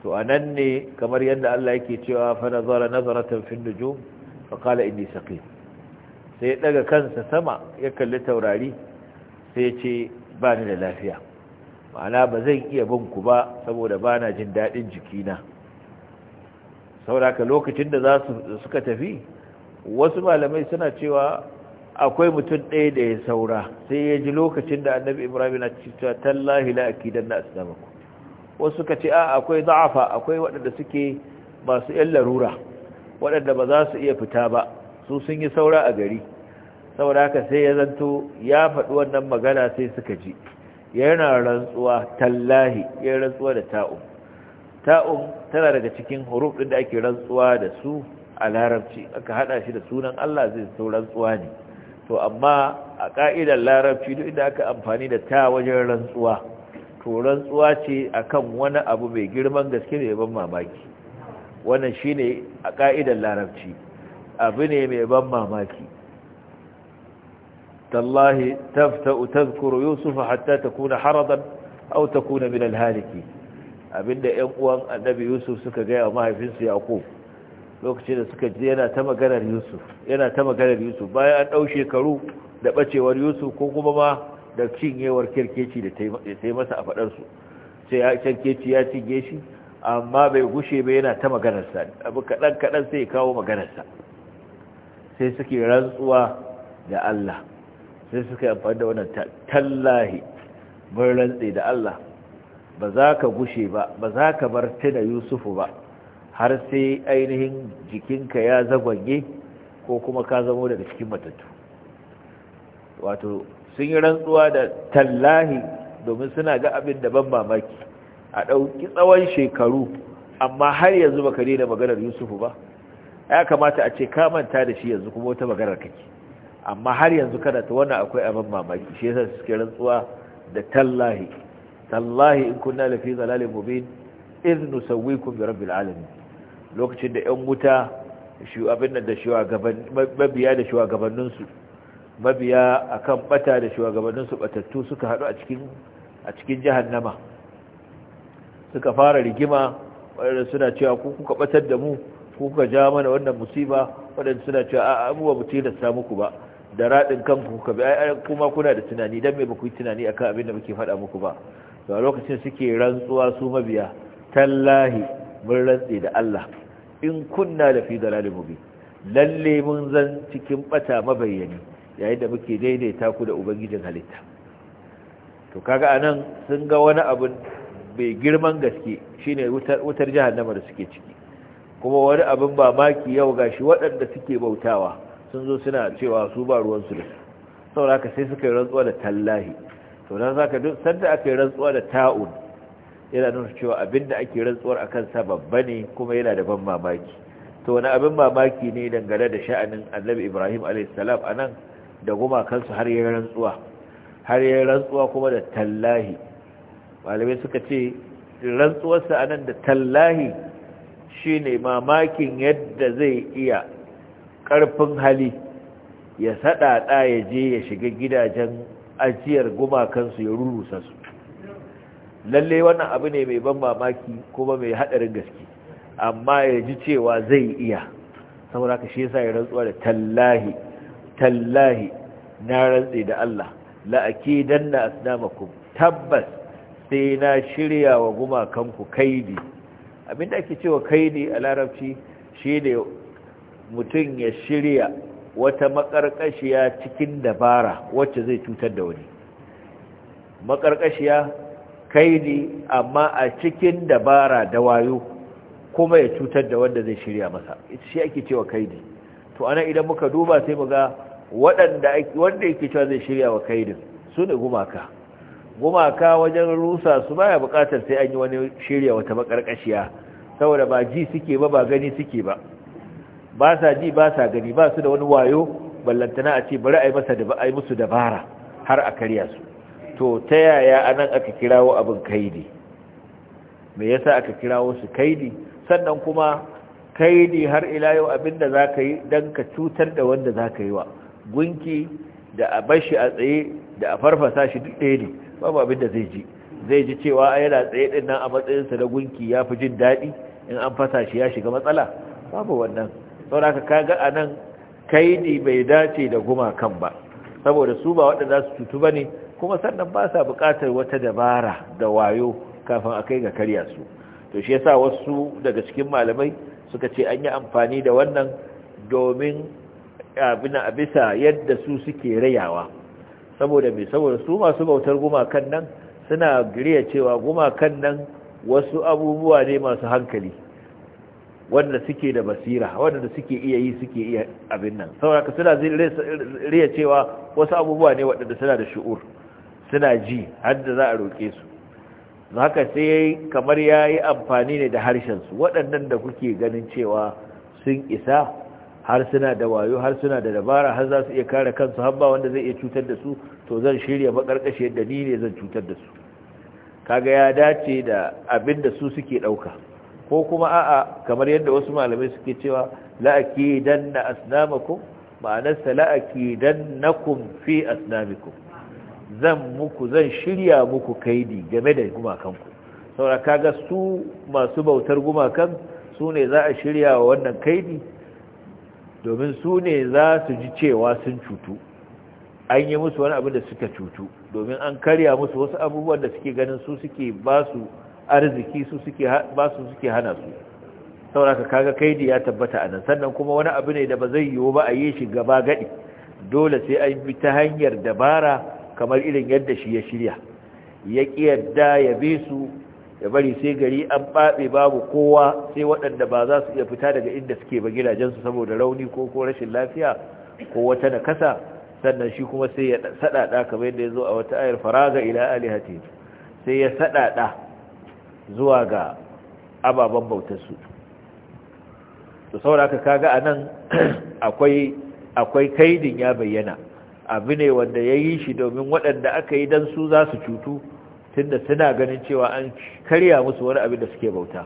Speaker 1: to a nan ne kamar yadda allah yake cewa fa nazara nazaratan fin nujum fa qala inni saqim sai daga kansa sama ya kalli taurari sai ya ce ba ni da lafiya ma'ana ba zai iya bin ku ba saboda bana jin daɗin jikina saboda lokacin da za su suka tafi wasu malamai suna cewa akwai mutum ɗaya da ya saura sai ya ji lokacin da annabi ibrahim na cikin tallahi na akidan na ku wasu suka ce a akwai za'afa akwai waɗanda suke masu yan larura waɗanda ba za su iya fita ba su sun yi saura a gari saboda haka sai ya zanto ya faɗi wannan magana sai suka ji yana rantsuwa tallahi ya rantsuwa da ta'um ta'um tana daga cikin huruf ɗin da ake rantsuwa da su a larabci aka haɗa shi da sunan Allah zai so rantsuwa ne to amma a ƙa'idar larabci duk inda aka amfani da ta wajen rantsuwa to rantsuwa ce akan wani abu mai girman gaske mai ban mamaki wannan shine a ƙa'idar larabci abu ne mai ban mamaki tallahi tafta tadhkuru yusuf hatta takuna haradan aw takuna min alhaliki abinda ƴan uwan annabi yusuf suka ga mahaifinsu yaqub lokacin da suka ji yana ta maganar yusuf yana ta maganar yusuf bayan an ɗau shekaru da ɓacewar yusuf ko kuma ma da cinyewar kirkeci da ta yi masa a faɗarsu sai kirkeci ya cinye shi amma bai gushe bai yana ta maganarsa abu kaɗan-kaɗan sai ya kawo maganarsa sai suke rantsuwa da Allah sai suka amfani da wannan tallahi mun rantse da Allah ba za ka gushe ba ba za ka bar tuna yusufu ba har sai ainihin jikinka ya zagwanye ko kuma ka zamo daga cikin matattu wato sun yi rantsuwa da tallahi domin suna ga abin da ban mamaki a ɗauki tsawon shekaru amma har yanzu baka daina maganar yusufu ba ya kamata a ce ka manta da shi yanzu kuma wata maganar kake amma har yanzu kana ta wannan akwai abin mamaki shi yasa suke rantsuwa da tallahi tallahi in kunna lafi zalalin mubin idh nusawwikum bi rabbil alamin lokacin da 'yan wuta abin da mabiya da shugabanninsu mabiya kan bata da shugabanninsu batattu suka haɗu a cikin jahannama suka fara rigima waɗanda suna cewa ku kuka batar da mu ku kuka ja mana wannan musiba waɗanda suna cewa a abubuwa mu tilasta muku ba da raɗin kanku kuka bi kuma kuna da tunani don mai baku yi tunani akan abin da muke faɗa muku ba to lokacin suke rantsuwa su mabiya tallahi mun rantse da Allah in kunna da fi dalalin mubi lalle mun zan cikin bata mabayyani yayin da muke daidaita ku da ubangijin halitta to kaga anan sun ga wani abu bai girman gaske shine wutar wutar jahannama da suke ciki kuma wani abin maki yau gashi waɗanda suke bautawa sun zo suna cewa su ba ruwan su da saboda haka sai suka yi rantsuwa da tallahi to dan saka duk sanda aka yi rantsuwa da ta'un yana nuna cewa abin da ake rantsuwar a kansa babba ne kuma yana da ban mamaki to wani abin mamaki ne dangane da sha'anin annabi ibrahim alaihissalam a nan da kansu har yi rantsuwa har yi rantsuwa kuma da tallahi malamai suka ce rantsuwarsa a nan da tallahi shi ne mamakin yadda zai iya karfin hali ya saɗaɗa ya je ya shiga gidajen ajiyar gumakansu ya rurusa su lalle wannan abu ne mai ban mamaki kuma mai hadarin gaske amma ya ji cewa zai iya saboda ka shi yasa ya rantsuwa da tallahi tallahi na rantsi da Allah la akidanna asnamakum tabbas sai na shirya wa gumakan gumakanku kaidi abinda ake cewa kaidi a larabci shi ne mutum ya shirya wata makarkashiya cikin dabara wacce zai cutar da wani makarkashiya kaidi amma a cikin dabara da wayo kuma ya cutar da wanda zai shirya masa ita shi ake cewa kaidi to ana idan muka duba sai mu ga waɗanda wanda yake cewa zai shirya wa kaidin su ne gumaka gumaka wajen rusa su baya buƙatar sai an yi wani shirya wata makarƙashiya saboda ba ji suke ba ba gani suke ba ba sa ji ba sa gani ba su da wani wayo ballantana a ce bari a yi musu dabara har a karya su to ta yaya anan aka kirawo abin kaidi me yasa aka kirawo su kaidi sannan kuma kaidi har ila yau abinda zaka yi dan ka cutar da wanda zaka yi wa gunki da a bashi a tsaye da a farfasa shi duk ɗaya ne babu abinda zai ji zai ji cewa yana tsaye din nan a matsayinsa da gunki ya fi jin daɗi in an fasa shi ya shiga matsala babu wannan sauraka kaga a nan kaidi bai dace da gumakan ba saboda su ba waɗanda su cutu ba ne kuma sannan ba sa buƙatar wata dabara da wayo kafin a kai ga karya su to shi yasa wasu daga cikin malamai suka ce an yi amfani da wannan domin abin a bisa yadda su suke rayawa saboda mai saboda su masu bautar gumakan nan suna giriya cewa gumakan nan wasu abubuwa ne masu hankali wanda suke da basira wanda suke iya yi suke iya abin nan saboda suna riya cewa wasu abubuwa ne waɗanda suna da shi'ur suna ji har da za a roƙe su haka sai yayi kamar yayi amfani ne da harshen su waɗannan da kuke ganin cewa sun isa har suna da wayo har suna da dabara har za su iya kare kansu har ba wanda zai iya cutar da su to zan shirya maƙarƙashe da ni ne zan cutar da su kaga ya dace da abin da su suke ɗauka ko kuma a'a kamar yadda wasu malamai suke cewa na asnamakum ma'anarsa na fi asnamikum zan muku zan shirya muku kaidi game da gumakanku saboda kaga su masu bautar gumakan su ne za a shirya wa wannan kaidi domin su ne za su ji cewa sun cutu an yi musu wani abin da suka cutu domin an karya musu wasu abubuwan da suke ganin su suke ba su arziki su suke ba su suke hana su ka kaga kaidi ya tabbata a nan sannan kuma wani abu ne da ba zai yiwu ba a yi shi gaba gadi dole sai an bi ta hanyar dabara kamar irin yadda shi ya shirya ya yadda ya bi su ya bari sai gari an babe babu kowa sai waɗanda ba za su iya fita daga inda suke ba gidajensu saboda rauni ko ko rashin lafiya ko wata nakasa sannan shi kuma sai ya sadada kamar yadda ya zo a wata ayar faraga ila alihati sai ya saɗaɗa zuwa ga ababen bautarsu to saboda ka kaga anan akwai akwai kaidin ya bayyana abu ne wanda ya yi shi domin waɗanda aka yi don su za su cutu tunda suna ganin cewa an karya musu wani abin da suke bauta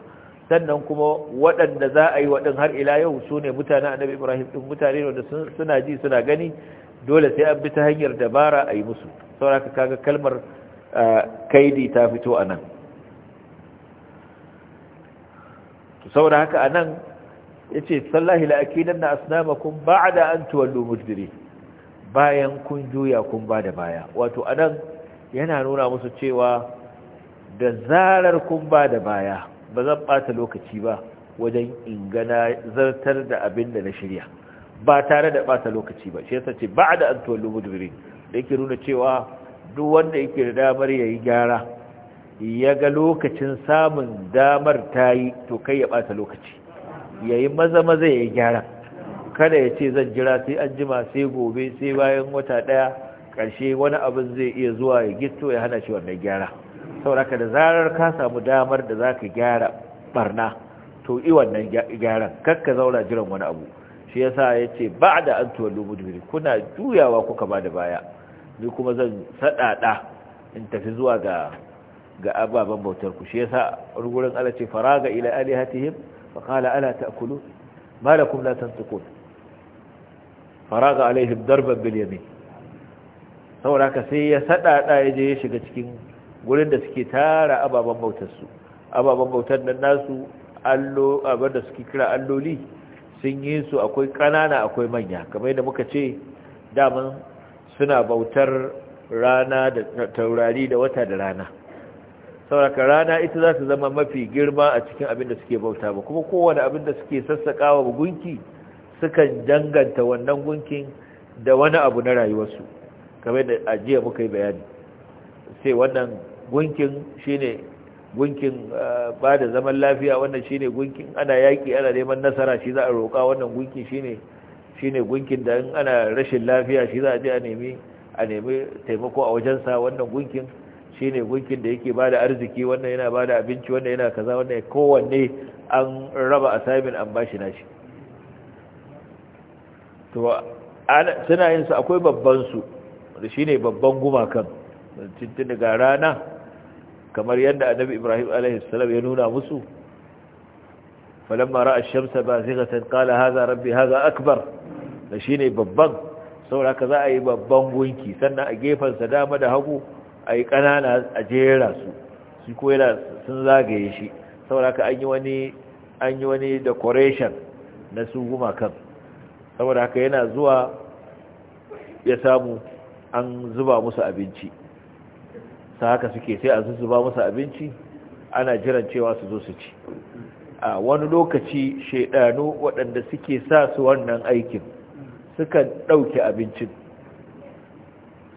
Speaker 1: sannan kuma waɗanda za a yi waɗin har ila yau su ne mutane annabi ibrahim ɗin mutane wanda suna ji suna gani dole sai an bi ta hanyar dabara a yi musu sauraka kaga kalmar kaidi ta fito a nan saboda haka a nan ya ce sallahi la'akinan na asnamakun ba da an tuwallo mujdiri bayan kun juya kun ba da baya wato anan yana nuna musu cewa da zarar kun ba da baya ba zan ɓata lokaci ba wajen ingana zartar da abin da na shirya ba tare da ɓata lokaci ba shi yasa ce ba da an tuwallo mudubirin da yake nuna cewa duk wanda yake da damar ya yi gyara ya ga lokacin samun damar ta yi to kai ya ɓata lokaci ya yi maza maza ya yi gyaran. kada ya ce zan jira sai an jima sai gobe sai bayan wata daya ƙarshe wani abin zai iya zuwa ya gito ya hana shi wannan gyara sauraka da zarar ka samu damar da za ka gyara barna to i wannan gyaran kakka zaura jiran wani abu shi ya sa ya ce ba da an tuwallo mudubiri kuna juyawa kuka ba da baya ni kuma zan saɗaɗa in tafi zuwa ga ga ababen bautar ku shi yasa rugurin ala ce faraga ila alihatihim fa qala ala ta'kulu malakum la tantiqun faraga alaihi darban bil yamin saboda ka sai ya sadada ya je ya shiga cikin gurin da suke tara ababen bautar su ababen bautar nan nasu allo abin da suke kira alloli sun yi su akwai kanana akwai manya kamar da muka ce daman suna bautar rana da taurari da wata da rana sauraka rana ita za su zama mafi girma a cikin abin da suke bauta ba kuma kowane abin da suke sassakawa gunki sukan danganta wannan gunkin da wani abu na rayuwarsu kamar da ajiya muka yi bayani sai wannan gunkin shine gunkin uh, ba da zaman lafiya wannan shine gunkin ana yaƙi ana neman nasara shi za a roƙa wannan gunkin shine shine gunkin da in ana rashin lafiya shi za a je a nemi a nemi taimako a wajensa wannan gunkin shine gunkin da yake bada arziki wannan yana bada abinci wannan yana kaza wannan kowanne an raba assignment an bashi nashi to suna yin su akwai babban su shi ne babban gumakan tintin daga rana kamar yadda annabi Ibrahim alaihi salam ya nuna musu falamma ra'a ash-shamsa bazighatan qala hadha rabbi hadha akbar da ne babban saboda za a yi babban gunki sannan a gefen sa dama da hagu a yi kanana a jera su su ko yana sun zagaye shi saboda wani an yi wani decoration na su gumakan saboda haka yana zuwa ya samu an zuba musu abinci sa haka suke sai a zuba musu abinci ana jiran cewa su zo su ci a wani lokaci shaidanu waɗanda suke sa su wannan aikin suka ɗauke abincin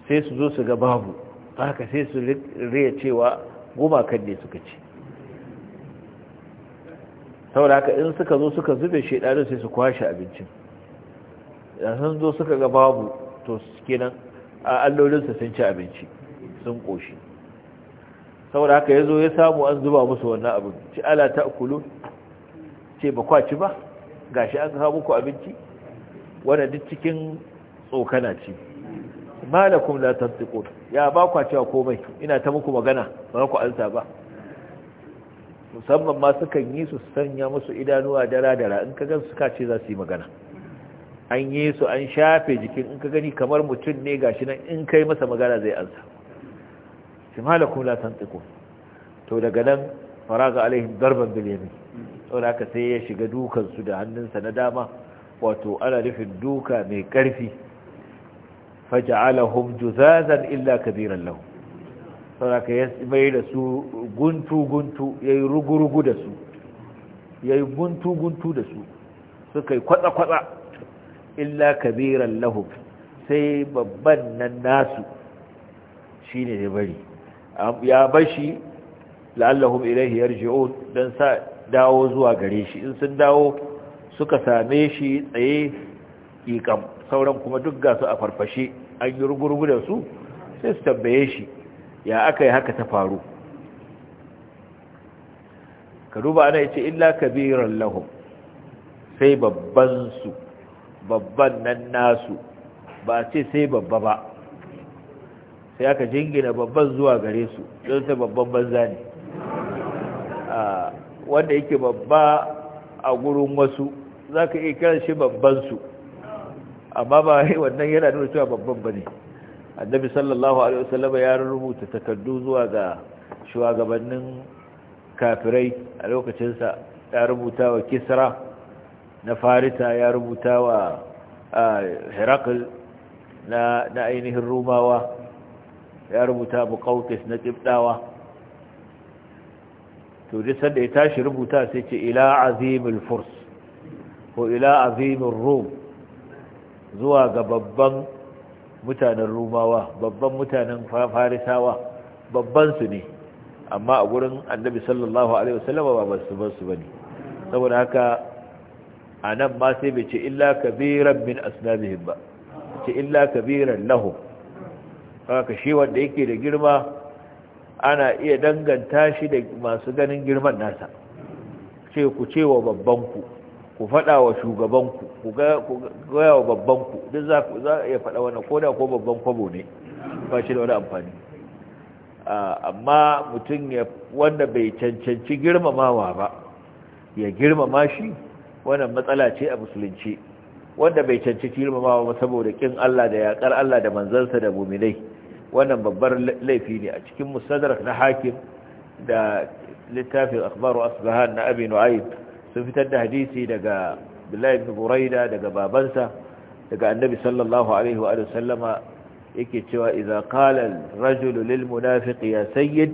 Speaker 1: sai su zo su ga babu haka sai su riya cewa gumakan ne suka ci saboda haka in suka zo suka zube shaidanun sai su kwashe abincin da sun zo suka ga babu to kenan allolinsa sun ci abinci sun ƙoshi saboda haka ya zo ya samu an zuba musu wannan abin ci ala ta kulu ce ba kwaci ba gashi an kawo muku abinci wanda duk cikin tsokana ce malakum la tantiqun ya ba kwa cewa komai ina ta muku magana ba ku alsa ba musamman ma sukan yi su sanya musu idanuwa dara dara in ka gan su ka ce za su yi magana an yi su an shafe jikin in ka gani kamar mutum ne ga shi nan in kai masa magana zai ansa shi malakun san tsiko to daga nan faraga alaihim darban biliyami yamin saboda aka sai ya shiga dukansu da hannunsa na dama wato ana nufin duka mai karfi faj'alahum juzazan illa kabiran lahum saboda ya mai da su guntu guntu ya yi rugurugu da su ya yi guntu guntu da su suka yi kwatsa kwatsa illa kabiran lahu sai babban nan nasu shine ya bari ya bashi la'allahum ilayhi yarji'un dan sa dawo zuwa gare shi in sun dawo suka same shi tsaye kikam sauran kuma duk gasu a farfashe an yi rugurgu da su sai su tambaye shi ya aka yi haka ta faru ka duba ana yace illa kabiran lahum sai babban su babban nan nasu ba ce sai babba ba sai aka jingina babban zuwa gare su don sai babban banza ne wanda yake babba a gurin wasu za ka iya kiran shi babban su amma ba wannan yana nuna cewa babban ba ne annabi sallallahu alaihi wasallam ya rubuta takardu zuwa ga shugabannin kafirai a lokacinsa ya rubuta wa kisra na farita ya rubuta wa herakl na ainihin rumawa ya rubuta bukautis na tsibdawa to jisar da ya tashi rubuta sai ce ila azimul furs ko ila azimul rum zuwa ga babban mutanen rumawa babban mutanen farisawa babban su ne amma a gurin annabi sallallahu alaihi wasallama ba su ba su bane saboda haka a nan ma sai bai ce illa kabiran min asnabihim ba ce illa kabiran lahum haka shi wanda yake da girma ana iya danganta shi da masu ganin girman nasa ce ku ce wa babbanku ku faɗa wa shugabanku ku gaya wa babbanku duk za a iya faɗa wannan koda ko babban kwabo ne ba shi da wani amfani amma mutum wanda bai cancanci girmamawa ba ya girmama shi wannan matsala ce a musulunci wanda bai cancanci girmamawa ba saboda kin Allah da yaƙar Allah da manzansa da mu'minai wannan babbar laifi ne a cikin musadrak na hakim da littafin akhbaru asbahan na abi nu'aym sun fitar da hadisi daga billahi ibn buraida daga babansa daga annabi sallallahu alaihi wa sallama yake cewa iza kala rajulu lil munafiqi ya sayyid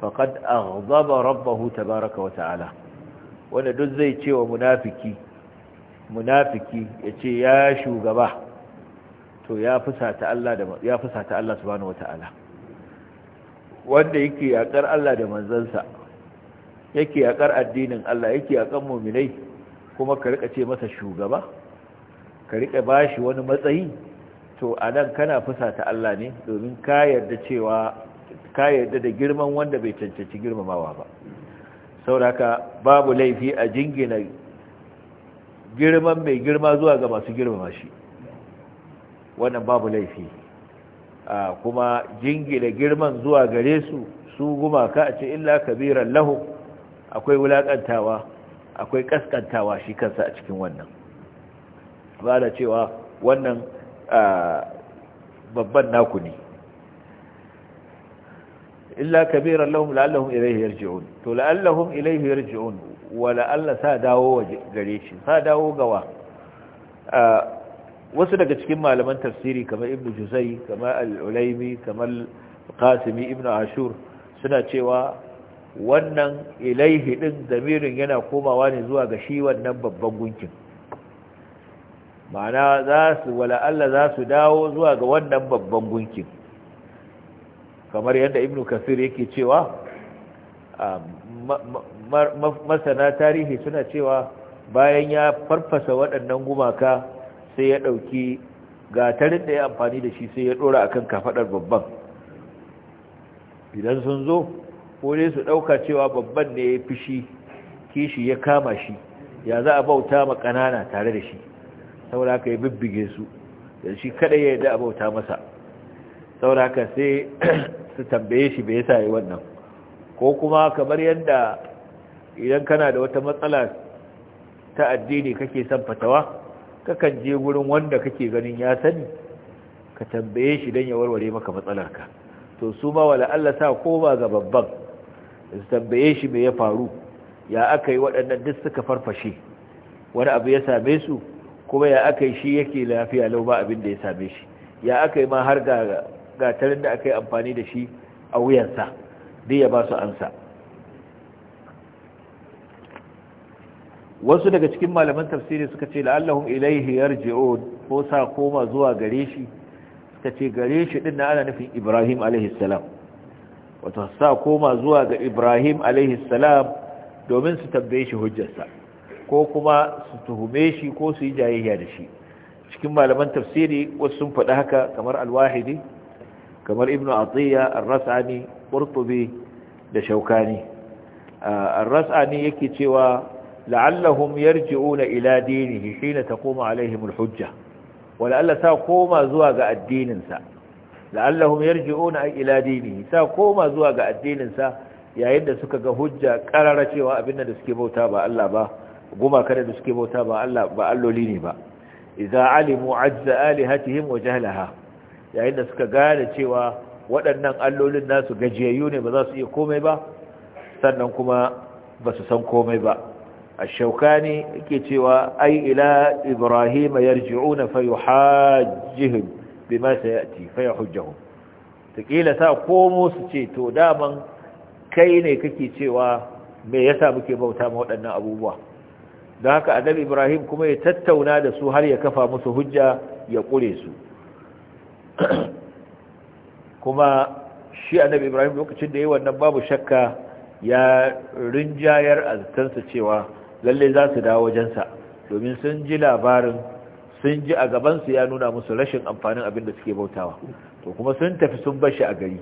Speaker 1: faqad aghdaba rabbahu tabaraka wa ta'ala wanda duk zai ce wa munafiki munafiki ya ce ya shugaba to ya fusata Allah da ya Allah subhanahu wataala wanda yake yakar Allah da manzansa yake yakar addinin Allah yake yakar mu'minai kuma ka rika ce masa shugaba ka rika bashi wani matsayi to a nan kana fusata Allah ne domin ka yarda cewa ka yarda da girman wanda bai cancanci girmamawa ba sauraka babu laifi a jingina girman mai girma zuwa ga masu girma shi wannan babu laifi kuma jingina girman zuwa gare su su gumaka a ce illa kabiran lahu akwai wulakantawa akwai kaskantawa shi kansa a cikin wannan ba da cewa wannan babban naku ne illa kabiran lahum la'allahum ilayhi yarji'un to la'allahum ilayhi yarji'un wa la'alla sa dawo gare shi sa dawo gawa wasu daga cikin malaman tafsiri kamar ibnu juzai kamar al ulaymi kamar qasimi ibnu ashur suna cewa wannan ilaihi din zamirin yana komawa ne zuwa ga shi wannan babban gunkin ma'ana za su wala Allah za su dawo zuwa ga wannan babban gunkin kamar yadda ibnu kasir yake cewa masana tarihi suna cewa bayan ya farfasa waɗannan gumaka sai ya ɗauki gatarin da ya amfani da shi sai ya ɗora akan kafaɗar babban idan sun zo ko dai su ɗauka cewa babban ne ya fishi kishi ya kama shi ya za a bauta ma ƙanana tare da shi saboda ya bibbige su da shi kada ya yi da a bauta masa saboda sai su tambaye shi bai sa yi wannan ko kuma kamar yadda idan kana da wata matsala ta addini kake son fatawa kakan je wurin wanda kake ganin ya sani ka tambaye shi don ya warware maka matsalarka to su ma wala Allah sa ko ba ga babban su tambaye shi me ya faru ya aka yi waɗannan duk suka farfashe wani abu ya same su kuma ya aka yi shi yake lafiya lau ba abin da ya same shi ya aka yi ma har ga gatarin da aka yi amfani da shi a wuyansa duk ya ba su ansa wasu daga cikin malaman tafsiri suka ce la'allahum ilaihi yarji'un ko sa koma zuwa gare shi suka ce gare shi din ana nufin Ibrahim alaihi salam sa koma zuwa ga Ibrahim alaihi domin su tambaye shi hujjarsa ko kuma su tuhume shi ko su yi jayayya da shi cikin malaman tafsiri wasu sun faɗi haka kamar alwahidi kamar ibnu atiya ar-rasani qurtubi da shaukani ar-rasani yake cewa la'allahum yarji'una ila dinihi hina taqumu alaihim al-hujja wala sa koma zuwa ga addinin sa la'allahum yarji'una ila dinihi sa koma zuwa ga addinin sa yayin da suka ga hujja karara cewa abinda da suke bauta ba Allah ba kada da suke bauta ba Allah ba alloli ne ba idza alimu ajza alihatihim wa jahlaha yayin da suka gane cewa waɗannan allolin nasu gajiyayyu ne ba za su iya komai ba sannan kuma ba su san komai ba a shaukani ke cewa ai ila ibrahim yarji'u na fayuhajihim bi ma sai yati fayuhujjahum takila sa komo su ce to daman kai ne kake cewa me yasa muke bauta ma waɗannan abubuwa don haka annabi ibrahim kuma ya tattauna da su har ya kafa musu hujja ya kure su kuma shi annabi ibrahim lokacin da yi wannan babu shakka ya rinjayar azantansa cewa lalle za su dawo wajensa domin sun ji labarin sun ji a gabansu ya nuna musu rashin amfanin abin da suke bautawa to kuma sun tafi sun bashi a gari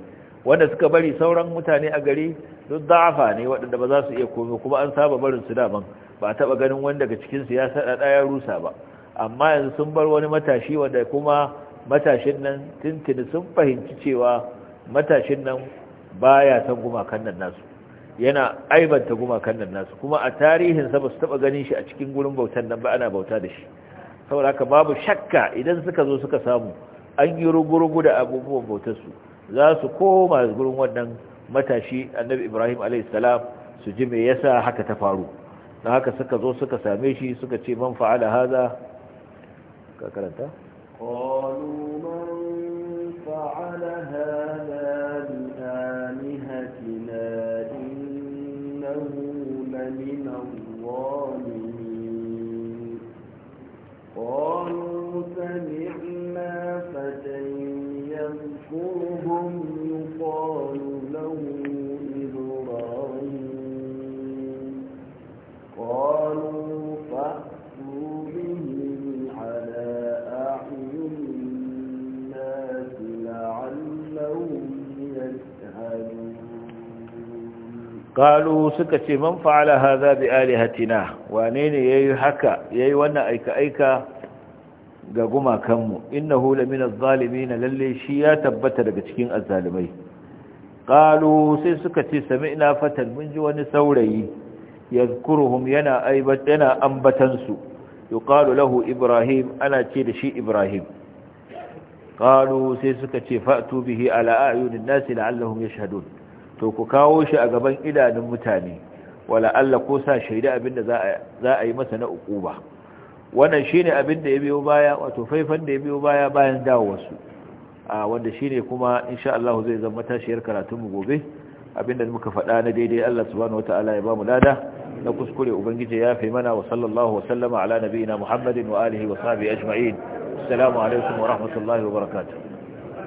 Speaker 1: wanda suka bari sauran mutane a gari duk da'afa ne waɗanda ba za su iya komai kuma an saba barin su daban ba a taɓa ganin wanda daga cikinsu ya saɗa ɗaya rusa ba amma yanzu sun bar wani matashi wanda kuma matashin nan tintini sun fahimci cewa matashin nan baya san gumakan nan nasu yana aibanta gumakan nan nasu kuma a tarihin sa basu taba ganin shi a cikin gurin bautan nan ba ana bauta da shi saboda haka babu shakka idan suka zo suka samu an yi rugurugu da abubuwan bautarsu za su koma gurin wannan matashi annabi ibrahim salam su ji me yasa haka ta faru dan haka suka zo suka same shi suka ce man fa'ala haza ka karanta
Speaker 2: قالوا
Speaker 1: qalu suka ce man fa'ala hadha bi alihatina wane ne yayi haka yayi wannan aika aika ga gumakanmu innahu lamina adh na lalle shi ya tabbata daga cikin azzalimai qalu sai suka ce sami'na fatal mun ji wani saurayi yadhkuruhum yana aibat yana ambatansu lahu ibrahim ana ce da shi ibrahim qalu sai suka ce fa'tu bihi ala a'yunin nasi la'allahum yashhadun to ku kawo shi a gaban idanun mutane wala Allah ko sa shaida abinda za a yi masa na ukuba wannan shine abinda ya biyo baya wato faifan da ya biyo baya bayan dawowarsu a wanda shine kuma insha Allah zai zama tashiyar karatun mu gobe abinda muka faɗa na daidai Allah subhanahu wataala ya ba mu lada na kuskure ubangiji ya fi mana wa sallallahu wa sallama ala nabiyina Muhammadin wa alihi wa sahbihi ajma'in assalamu alaikum wa rahmatullahi wa barakatuh